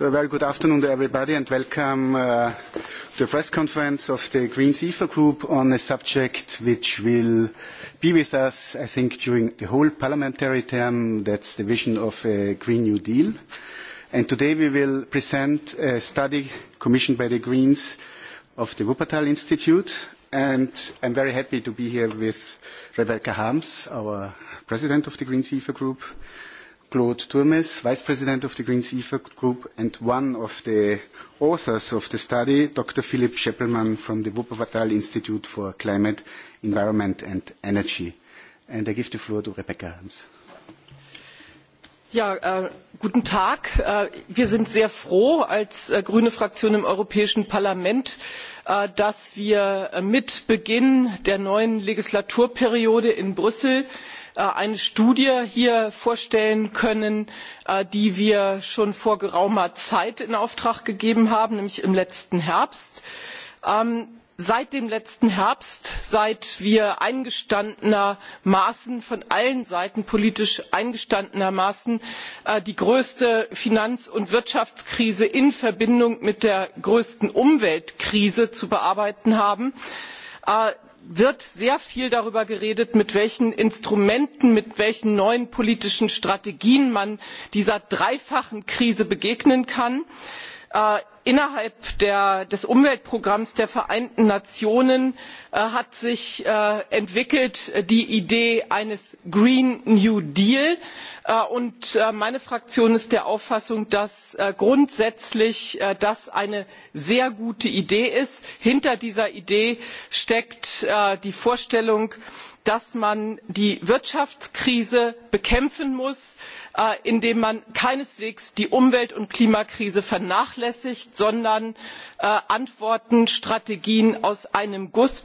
a very good afternoon to everybody, and welcome to the press conference of the Green Seafood Group on a subject which will be with us, I think, during the whole parliamentary term. That's the vision of a Green New Deal. today we will present a study commissioned by the Greens of the Wuppertal Institute, and I'm very happy to be here with Rebecca Harms, our president of the Green Seafood Group, Claude Turmes, Vice President of the Greens EFA Group, and one of the authors of the study, Dr. Philip Scheppelmann from the Wuppertal Institute for Climate, Environment and Energy. And I give the floor to Rebecca guten Tag. Wir sind sehr froh als grüne Fraktion im Europäischen Parlament, dass wir mit Beginn der neuen Legislaturperiode in Brüssel eine studie hier vorstellen können die wir schon vor geraumer zeit in auftrag gegeben haben nämlich im letzten herbst. seit dem letzten herbst seit wir eingestandenermaßen von allen seiten politisch eingestandenermaßen die größte finanz und wirtschaftskrise in verbindung mit der größten umweltkrise zu bearbeiten haben wird sehr viel darüber geredet mit welchen instrumenten mit welchen neuen politischen strategien man dieser dreifachen krise begegnen kann innerhalb des umweltprogramms der vereinten nationen hat sich die idee eines green new deal entwickelt, und meine fraktion ist der auffassung dass das grundsätzlich eine sehr gute idee ist. hinter dieser idee steckt die vorstellung dass man die wirtschaftskrise bekämpfen muss indem man keineswegs die umwelt und klimakrise vernachlässigt sondern antworten strategien aus einem guss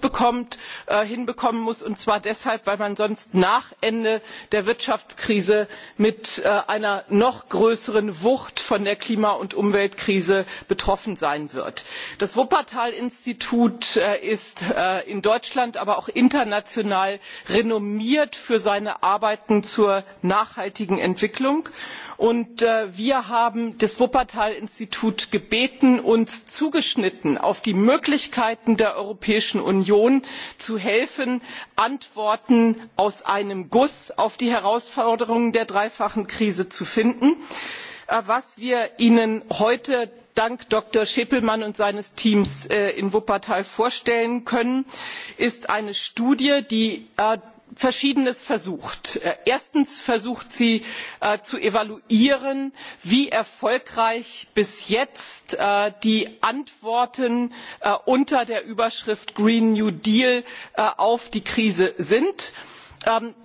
hinbekommen muss und zwar deshalb weil man sonst nach ende der wirtschaftskrise mit einer noch größeren wucht von der klima und umweltkrise betroffen sein wird. das wuppertal institut ist in deutschland aber auch international renommiert für seine arbeiten zur nachhaltigen entwicklung und wir haben das wuppertal institut gebeten uns zugeschnitten auf die möglichkeiten der europäischen union zu helfen antworten aus einem guss auf die herausforderungen der dreifachen krise zu finden was wir ihnen heute dank dr schäpelmann und seines teams in wuppertal vorstellen können ist eine studie die verschiedenes versucht erstens versucht sie zu evaluieren wie erfolgreich bis jetzt die antworten unter der überschrift green new deal auf die krise sind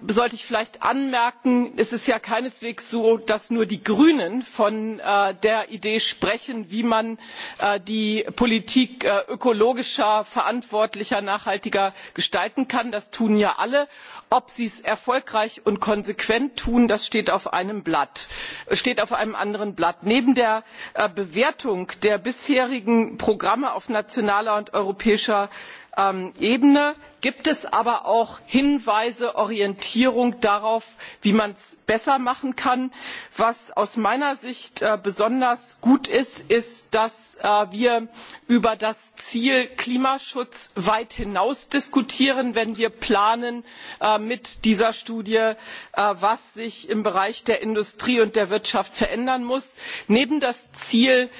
sollte ich vielleicht anmerken es ist ja keineswegs so dass nur die grünen von der idee sprechen wie man die politik ökologischer verantwortlicher nachhaltiger gestalten kann das tun ja alle. ob sie es erfolgreich und konsequent tun das steht auf einem anderen blatt. neben der bewertung der bisherigen programme auf nationaler und europäischer ebene gibt es aber auch hinweise orientierung darauf wie man es besser machen kann. was aus meiner sicht besonders gut ist ist dass wir über das ziel klimaschutz weit hinaus diskutieren wenn wir planen mit dieser studie planen, was sich im bereich der industrie und der wirtschaft verändern muss. neben das ziel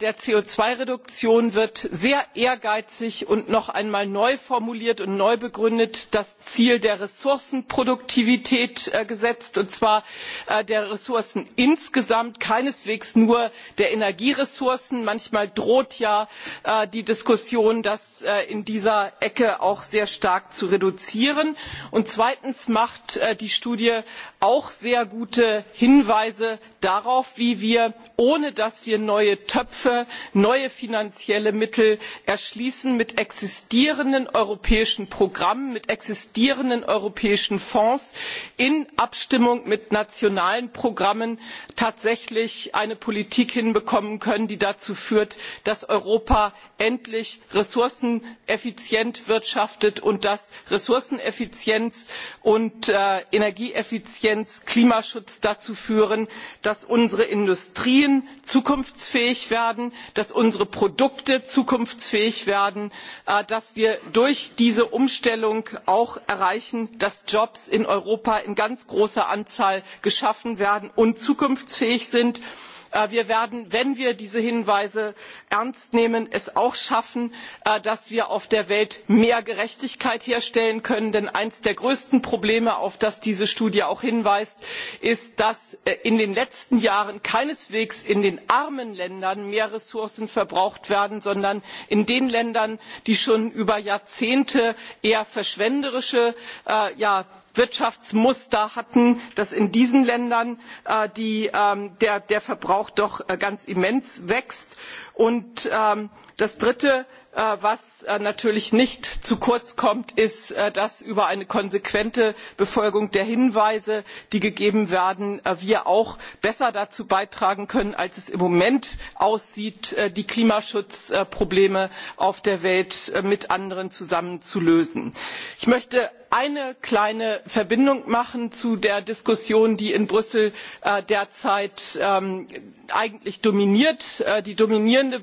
der co zwei reduktion wird sehr ehrgeizig und noch einmal neu formuliert neu begründet das ziel der ressourcenproduktivität gesetzt und zwar der ressourcen insgesamt keineswegs nur der energieressourcen. manchmal droht ja die diskussion das in dieser ecke auch sehr stark zu reduzieren. und zweitens macht die studie auch sehr gute hinweise darauf wie wir ohne dass wir neue töpfe neue finanzielle mittel erschließen mit existierenden europäischen programm mit existierenden europäischen fonds in abstimmung mit nationalen programmen tatsächlich eine politik hinbekommen können die dazu führt dass europa endlich ressourceneffizient wirtschaftet und dass ressourceneffizienz und energieeffizienz klimaschutz dazu führen dass unsere industrien zukunftsfähig werden dass unsere produkte zukunftsfähig werden dass wir durch diese umstellung auch erreichen dass jobs in europa in ganz großer anzahl geschaffen werden und zukunftsfähig sind wir werden wenn wir diese hinweise ernst nehmen es auch schaffen dass wir auf der welt mehr gerechtigkeit herstellen können denn eines der größten probleme auf das diese studie auch hinweist ist dass in den letzten jahren keineswegs in den armen ländern mehr ressourcen verbraucht werden sondern in den ländern die schon über jahrzehnte eher verschwenderische wirtschaftsmuster hatten dass in diesen ländern der verbrauch doch ganz immens wächst. und das dritte was natürlich nicht zu kurz kommt ist dass wir über eine konsequente befolgung der hinweise die gegeben werden auch besser dazu beitragen können als es im moment aussieht die klimaschutzprobleme auf der welt mit anderen zusammen zu lösen. ich möchte eine kleine verbindung machen zu der diskussion die in brüssel derzeit eigentlich dominiert. die dominierende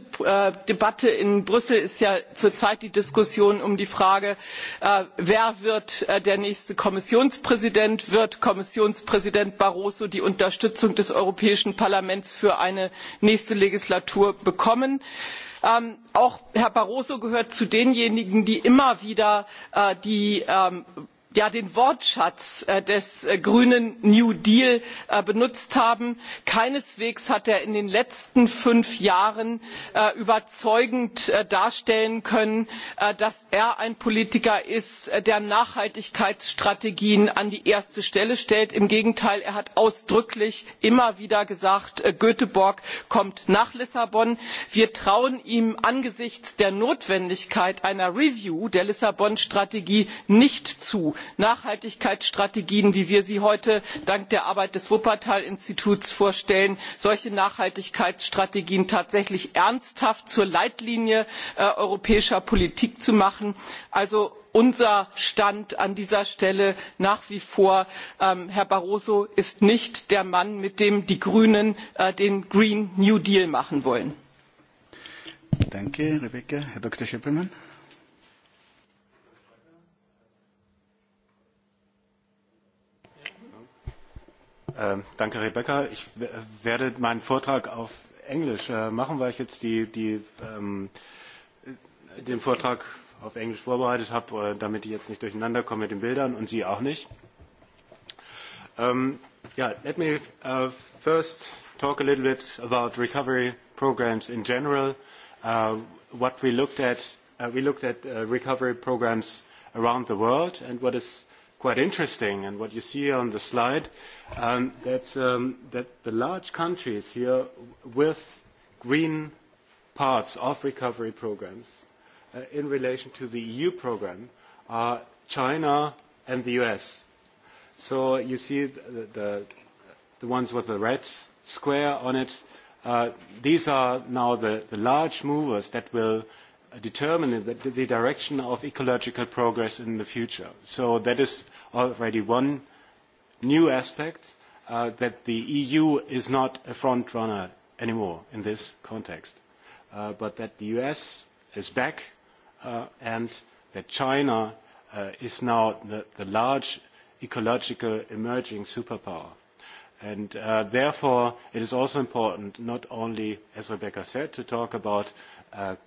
debatte in brüssel ist ja zurzeit die diskussion um die frage wer wird der nächste kommissionspräsident? wird kommissionspräsident barroso die unterstützung des europäischen parlaments für eine nächste legislatur bekommen? auch herr barroso gehört zu denjenigen die immer wieder die ja den wortschatz des grünen new deal benutzt haben keineswegs hat er in den letzten fünf jahren überzeugend darstellen können dass er ein politiker ist der nachhaltigkeitsstrategien an die erste stelle stellt. im gegenteil er hat ausdrücklich immer wieder gesagt göteborg kommt nach lissabon. wir trauen ihm angesichts der notwendigkeit einer review der lissabon strategie nicht zu nachhaltigkeitsstrategien wie wir sie heute dank der arbeit des wuppertal instituts vorstellen solche nachhaltigkeitsstrategien tatsächlich ernsthaft zur leitlinie europäischer politik zu machen. also unser stand an dieser stelle nach wie vor herr barroso ist nicht der mann mit dem die grünen den green new deal machen wollen. danke, Rebecca. Ich werde meinen Vortrag auf Englisch machen, weil ich jetzt den Vortrag auf Englisch vorbereitet habe, damit ich jetzt nicht durcheinander komme mit den Bildern und Sie auch nicht. let me first talk a little bit about recovery programs in general. what we looked at, we looked at recovery programs around the world and what is quite interesting. And what you see on the slide, um, that, um, that the large countries here with green parts of recovery programs uh, in relation to the EU program are China and the US. So you see the, the, the ones with the red square on it. Uh, these are now the, the large movers that will determine the direction of ecological progress in the future. So that is already one new aspect that the EU is not a front runner anymore in this context, but that the US is back and that China is now the, large ecological emerging superpower. And therefore, it is also important not only, as Rebecca said, to talk about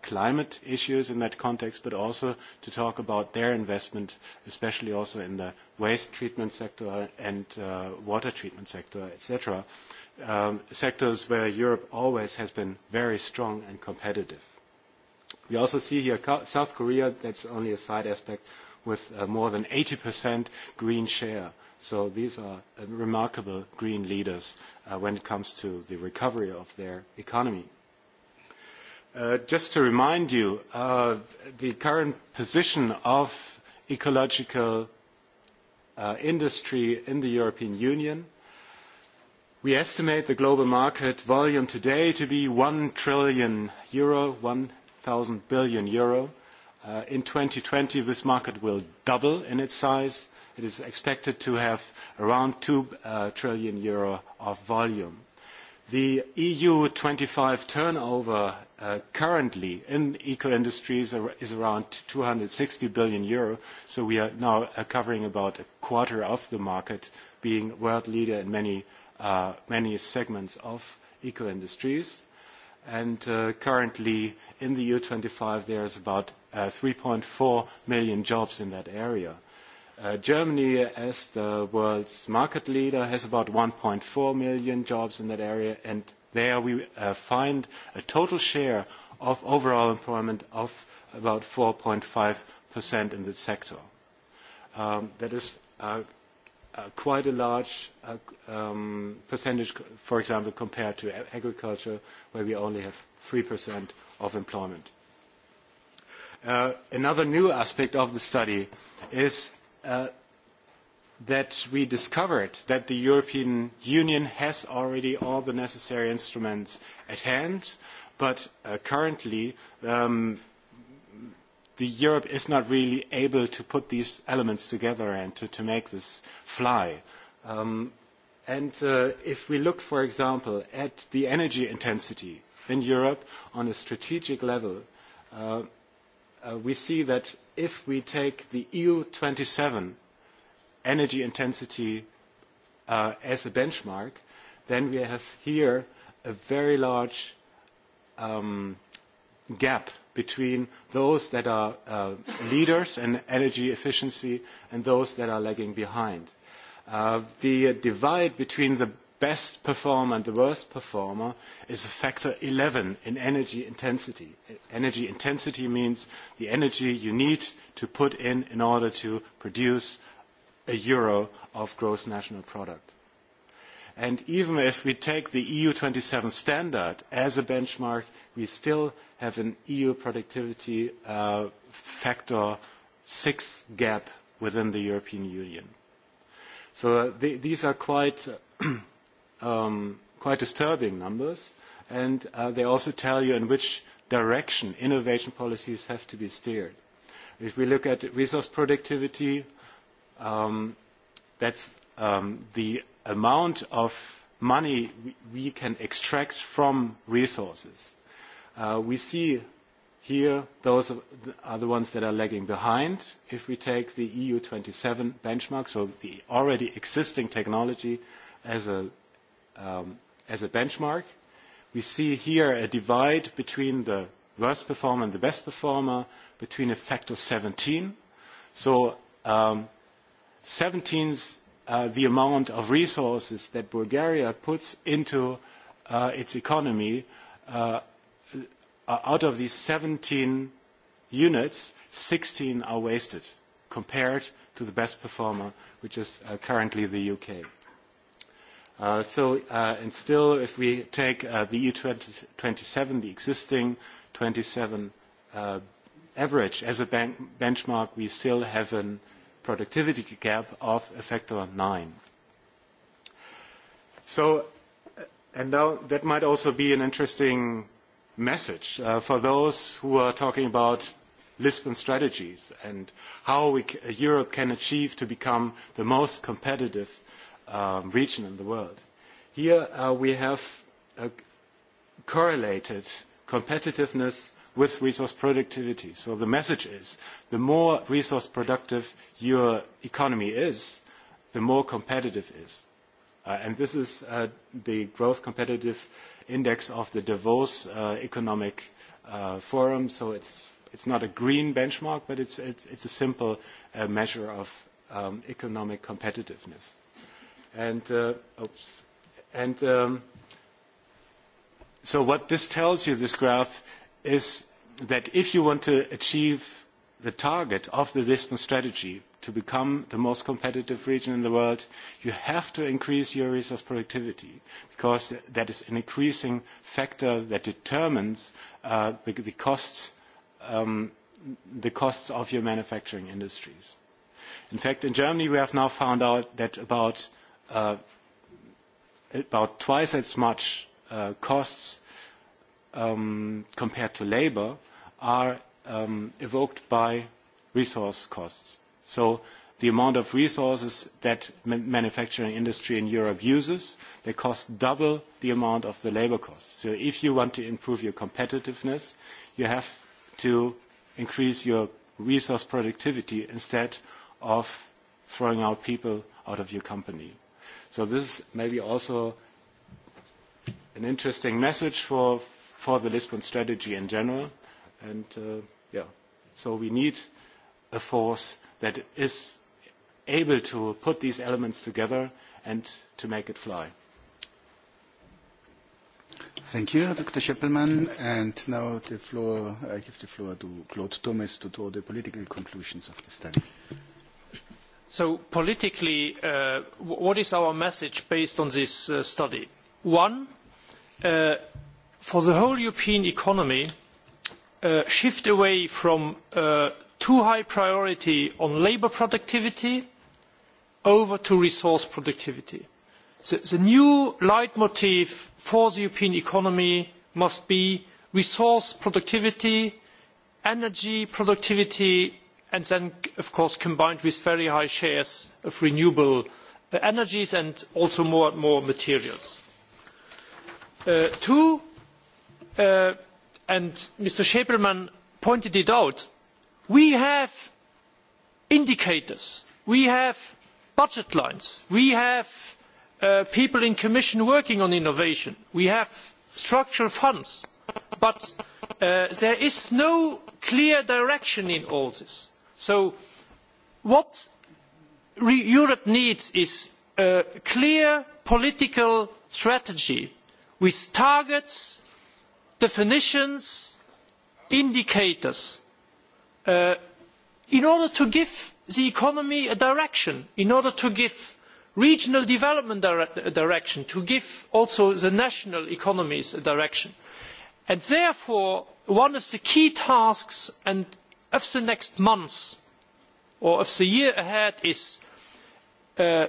climate issues in that context, but also to talk about their investment, especially also in the waste treatment sector and water treatment sector, etc., sectors where Europe always has been very strong and competitive. We also see here South Korea, that's only a side aspect, with more than 80% green share. So these are remarkable green leaders when it comes to the recovery of their economy just to remind you, the current position of ecological industry in the European Union, we estimate the global market volume today to be 1 trillion euro, 1,000 billion euro. In 2020, this market will double in its size. It is expected to have around 2 trillion euro of volume The EU twenty five turnover currently in eco-industries is around two hundred and sixty billion euro, so we are now covering about a quarter of the market, being world leader in many segments of eco-industries. And currently in the EU twenty five there is about three four million jobs in that area. Germany, as the world's market leader, has about 1.4 million jobs in that area, and there we find a total share of overall employment of about 4.5% in the sector. That is quite a large percentage, for example, compared to agriculture, where we only have 3% of employment. Another new aspect of the study is that we discovered that the European Union has already all the necessary instruments at hand, but currently Europe is not really able to put these elements together and to, make this fly. if we look, for example, at the energy intensity in Europe on a strategic level, we see that if we take the EU twenty seven energy intensity as a benchmark, then we have here a very large gap between those that are leaders in energy efficiency and those that are lagging behind. The divide between the best performer and the worst performer is a factor eleven in energy intensity. Energy intensity means the energy you need to put in in order to produce a euro of gross national product. And even if we take the EU twenty seven standard as a benchmark, we still have an EU productivity factor six gap within the European Union. So these are quite quite disturbing numbers. And they also tell you in which direction innovation policies have to be steered. If we look at resource productivity, um, that's um, the amount of money we can extract from resources. Uh, we see here those are the ones that are lagging behind. If we take the EU 27 benchmark, so the already existing technology as a as a benchmark. We see here a divide between the worst performer and the best performer between a factor of 17. So um, 17 is uh, the amount of resources that Bulgaria puts into uh, its economy. Uh, out of these 17 units, 16 are wasted compared to the best performer, which is uh, currently the UK so, and still, if we take the EU twenty 27, the existing 27 seven average as a benchmark, we still have a productivity gap of a factor of nine. So, and now that might also be an interesting message for those who are talking about Lisbon strategies and how Europe can achieve to become the most competitive um, region in the world. Here uh, we have correlated competitiveness with resource productivity. So the message is the more resource productive your economy is, the more competitive it is. Uh, and this is uh, the growth competitive index of the Davos uh, Economic uh, Forum. So it's, it's not a green benchmark, but it's, it's, it's a simple uh, measure of um, economic competitiveness. And, uh, oops. and um, so what this tells you, this graph, is that if you want to achieve the target of the Lisbon strategy to become the most competitive region in the world, you have to increase your resource productivity because that is an increasing factor that determines uh, the, the, costs, um, the costs of your manufacturing industries. In fact, in Germany, we have now found out that about about twice as much costs compared to labor are evoked by resource costs. So the amount of resources that manufacturing industry in Europe uses, they cost double the amount of the labor costs. So if you want to improve your competitiveness, you have to increase your resource productivity instead of throwing out people out of your company. So this is maybe also an interesting message for for the Lisbon strategy in general. And uh, yeah, so we need a force that is able to put these elements together and to make it fly. Thank you, Dr. Scheppelmann. And now the floor, I give the floor to Claude Thomas to draw the political conclusions of the study. So politically, what is our message based on this study? One, for the whole European economy, shift away from too high priority on labour productivity over to resource productivity. The new leitmotif for the European economy must be resource productivity, energy productivity and then of course combined with very high shares of renewable energies and also more and more materials. Two, and Mr. Schäpelmann pointed it out, we have indicators, we have budget lines, we have people in commission working on innovation, we have structural funds, but there is no clear direction in all this So what Europe needs is a clear political strategy with targets, definitions, indicators in order to give the economy a direction, in order to give regional development a direction, to give also the national economies a direction. And therefore, one of the key tasks and of the next month or of the year ahead is the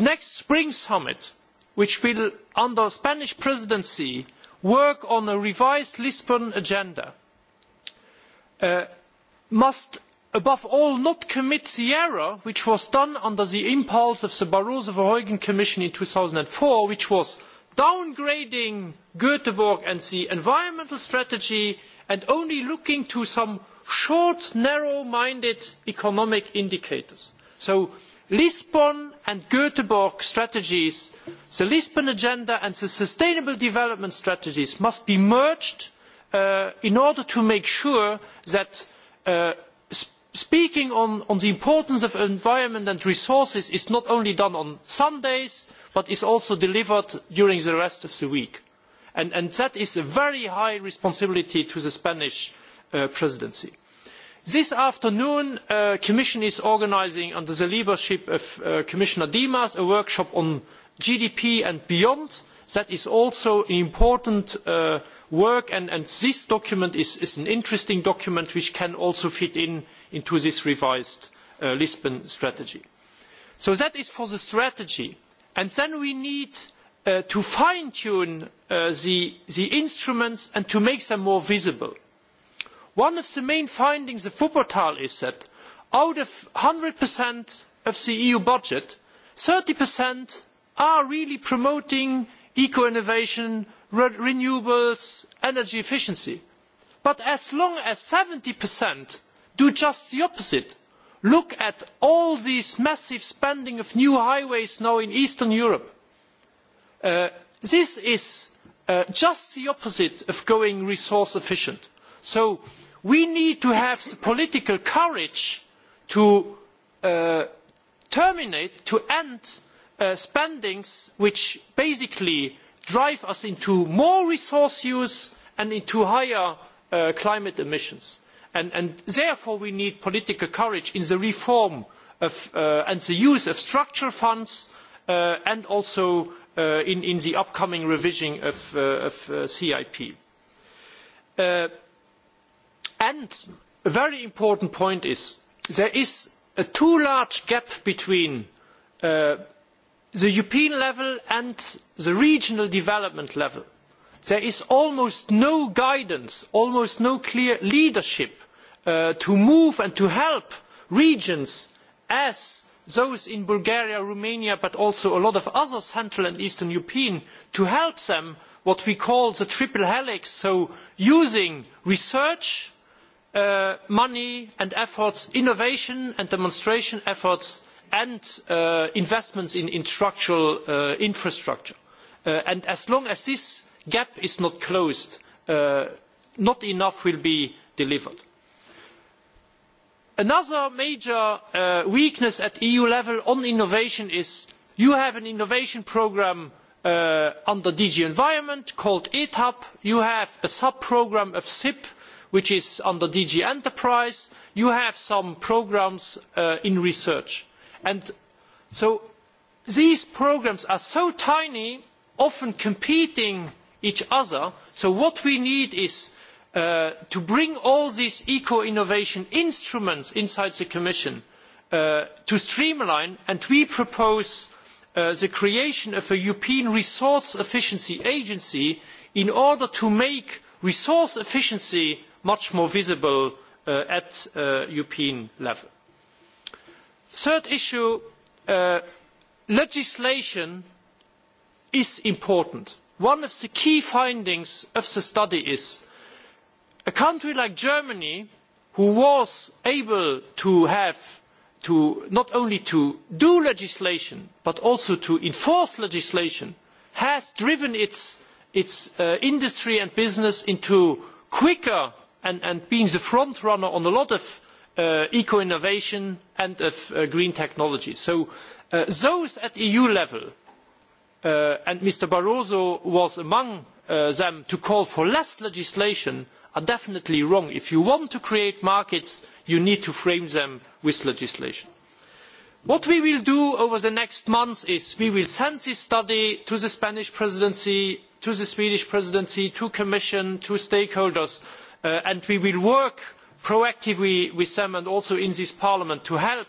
next spring summit, which will, under the Spanish presidency, work on a revised Lisbon agenda, must above all not commit the error which was done under the impulse of the Barroso-Verheugen Commission in two thousand four, which was downgrading Göteborg and the environmental strategy and only looking to some short, narrow-minded economic indicators. So Lisbon and Göteborg strategies, the Lisbon agenda and the sustainable development strategies must be merged in order to make sure that speaking on the importance of environment and resources is not only done on sundays but is also delivered during the rest of the week and that is a very high responsibility to the spanish presidency. this afternoon the commission is organising under the leadership of commissioner dimas a workshop on gdp and beyond That is also important work, and this document is an interesting document which can also fit in into this revised Lisbon strategy. So that is for the strategy. And then we need to fine-tune the instruments and to make them more visible. One of the main findings of Wuppertal is that out of one 100% of the EU budget, 30% are really promoting eco innovation renewables energy efficiency but as long as seventy do just the opposite look at all this massive spending of new highways now in eastern europe this is just the opposite of going resource efficient so we need to have the political courage to terminate to end spending which basically drive us into more resource use and into higher climate emissions. therefore we need political courage in the reform and the use of structural funds and also in the upcoming revision of CIP. and a very important point is there is a too large gap between the European level and the regional development level, there is almost no guidance, almost no clear leadership to move and to help regions as those in Bulgaria, Romania, but also a lot of other Central and Eastern European, to help them what we call the triple helix, so using research, money and efforts, innovation and demonstration efforts and investments in structural infrastructure. and as long as this gap is not closed, not enough will be delivered. Another major weakness at EU level on innovation is you have an innovation programme under DG Environment called ETAP. You have a sub-programme of SIP, which is under DG Enterprise. You have some programmes in research And so these programmes are so tiny, often competing each other. So what we need is to bring all these eco-innovation instruments inside the Commission to streamline, and we propose the creation of a European Resource Efficiency Agency in order to make resource efficiency much more visible at European level third issue legislation is important. one of the key findings of the study is a country like germany which was able to have not only to do legislation but also to enforce legislation has driven its industry and business into quicker and being the front runner on a lot of eco innovation and of green technology. So those at EU level, and Mr Barroso was among them to call for less legislation, are definitely wrong. If you want to create markets, you need to frame them with legislation. What we will do over the next months is we will send this study to the Spanish presidency, to the Swedish presidency, to the Commission, to stakeholders, and we will work proactively we summoned also in this parliament to help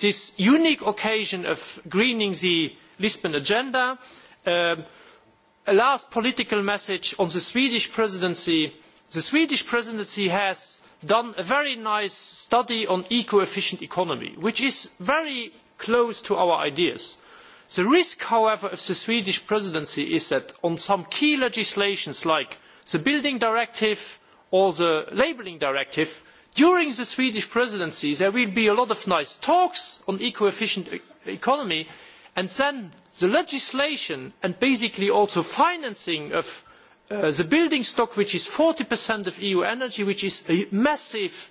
this unique occasion of greening the Lisbon agenda. a last political message on the Swedish presidency. The Swedish presidency has done a very nice study on eco-efficient economy, which is very close to our ideas. The risk, however, of the Swedish presidency is that on some key legislations like the Building Directive or the Labelling Directive, During the Swedish presidency, there will be a lot of nice talks on eco-efficient economy, and then the legislation and basically also financing of the building stock, which is 40% of EU energy, which is a massive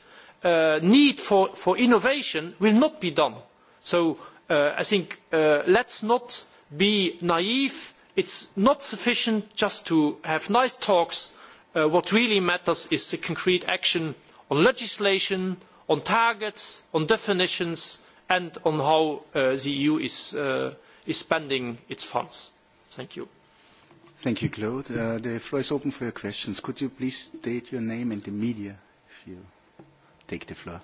need for innovation, will not be done. So I think let us not be naive. It is not sufficient just to have nice talks. what really matters is the concrete action on legislation, on targets, on definitions, and on how the EU is, spending its funds. Thank you. Thank you, Claude. the floor is open for your questions. Could you please state your name and the media if you take the floor?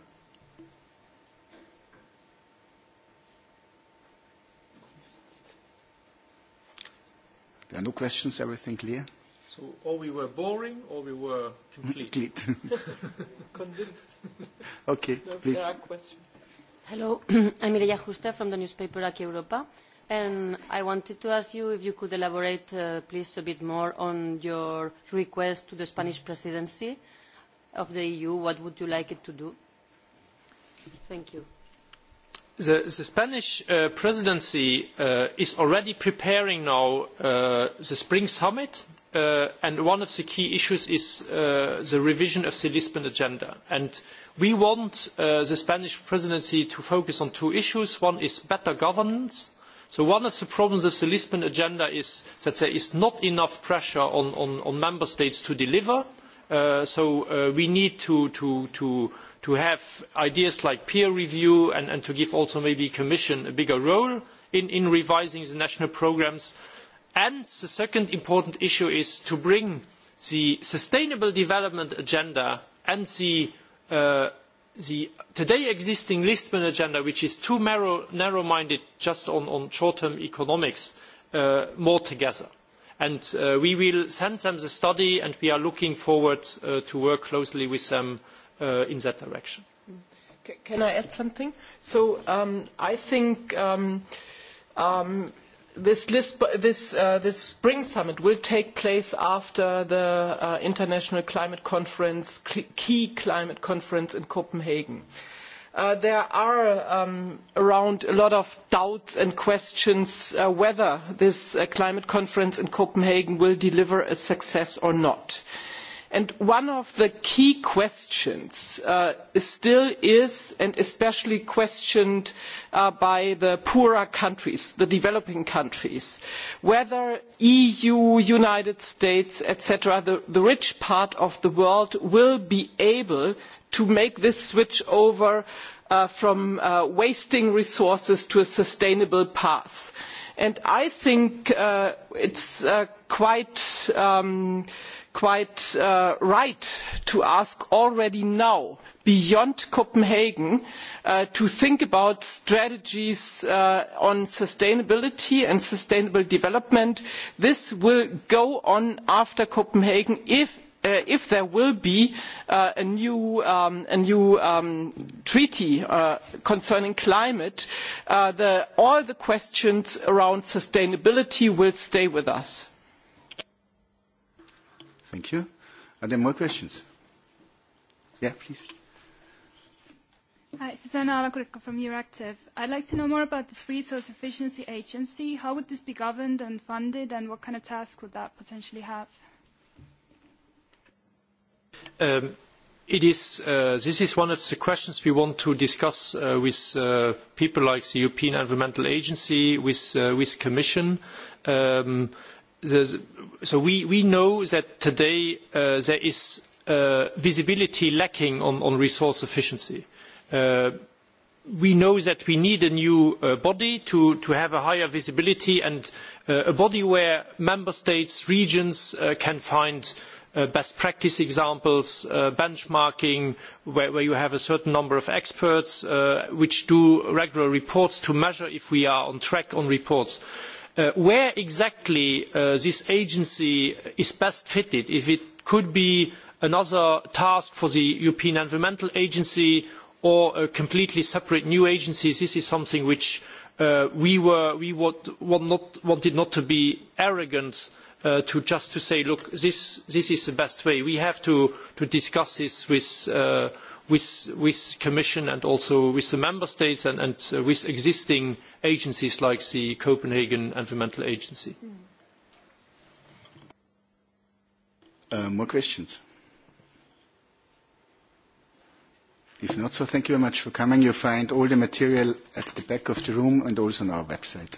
There are no questions, everything clear? So or we were boring or we were complete. complete. Convinced. Okay, no, please. There are questions. Hello, I'm Mireia Justa from the newspaper Aki Europa. And I wanted to ask you if you could elaborate, uh, please, a bit more on your request to the Spanish presidency of the EU. What would you like it to do? Thank you. The, the Spanish uh, presidency uh, is already preparing now uh, the spring summit and one of the key issues is the revision of the Lisbon agenda. And we want the Spanish presidency to focus on two issues. One is better governance. So one of the problems of the Lisbon agenda is that there is not enough pressure on, member states to deliver. so we need to, have ideas like peer review and, to give also maybe the Commission a bigger role in, revising the national programmes and the second important issue is to bring the sustainable development agenda and the today existing Lisbon agenda, which is too narrow-minded just on, short-term economics, more together. we will send them the study, and we are looking forward to work closely with them in that direction. Can I add something? So I think this, spring summit will take place after the international climate conference, key climate conference in Copenhagen. there are around a lot of doubts and questions uh, whether this climate conference in Copenhagen will deliver a success or not. Uh, one of the key questions still is, and especially questioned by the poorer countries, the developing countries, whether the EU, the United States, etc., the rich part of the world, will be able to make this switch over from wasting resources to a sustainable path and i think it is quite right to ask already now beyond copenhagen to think about strategies on sustainability and sustainable development. this will go on after copenhagen if if there will be a new treaty concerning climate all the questions around sustainability will stay with us. Thank you. Are there more questions? Yeah, please. Hi, Susanna from Euractiv. I'd like to know more about this Resource Efficiency Agency. How would this be governed and funded, and what kind of tasks would that potentially have? this is one of the questions we want to discuss with people like the European Environmental Agency, with the Commission. so we know that today there is visibility lacking on resource efficiency. we know that we need a new body to have a higher visibility and a body where member states, regions can find best practice examples, benchmarking, where you have a certain number of experts which do regular reports to measure if we are on track on reports. Where exactly this agency is best fitted, if it could be another task for the European Environmental Agency or a completely separate new agency, this is something which we wanted not to be arrogant uh, to just to say, look, this, this is the best way. We have to, to discuss this with, uh, with, with Commission and also with the Member States and, and with existing agencies like the Copenhagen Environmental Agency. more questions? If not, so thank you very much for coming. You find all the material at the back of the room and also on our website.